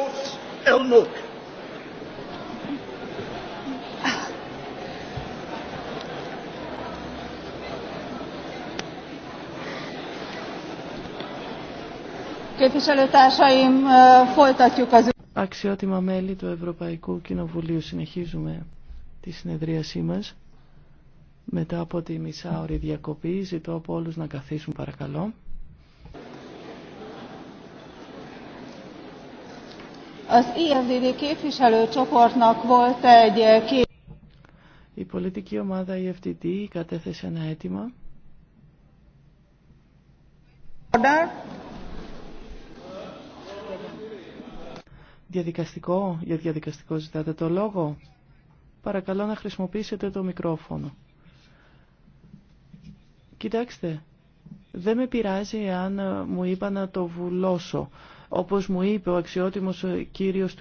Ε, Αξιότιμα μέλη του Ευρωπαϊκού Κοινοβουλίου, συνεχίζουμε τη συνεδρίασή μας. Μετά από τη μισάωρη διακοπή, ζητώ από όλους να καθίσουν παρακαλώ. Az képviselő képviselőcsoportnak volt egy kép... Η πολιτική ομάδα EFTD κατέθεσε ένα αίτημα. Διαδικαστικό, για διαδικαστικό ζητάτε το λόγο. Παρακαλώ να χρησιμοποιήσετε το μικρόφωνο. Κοιτάξτε, δεν με πειράζει αν ε, μου είπα να το βουλώσω όπως μου είπε ο αξιότιμος ε, κύριος του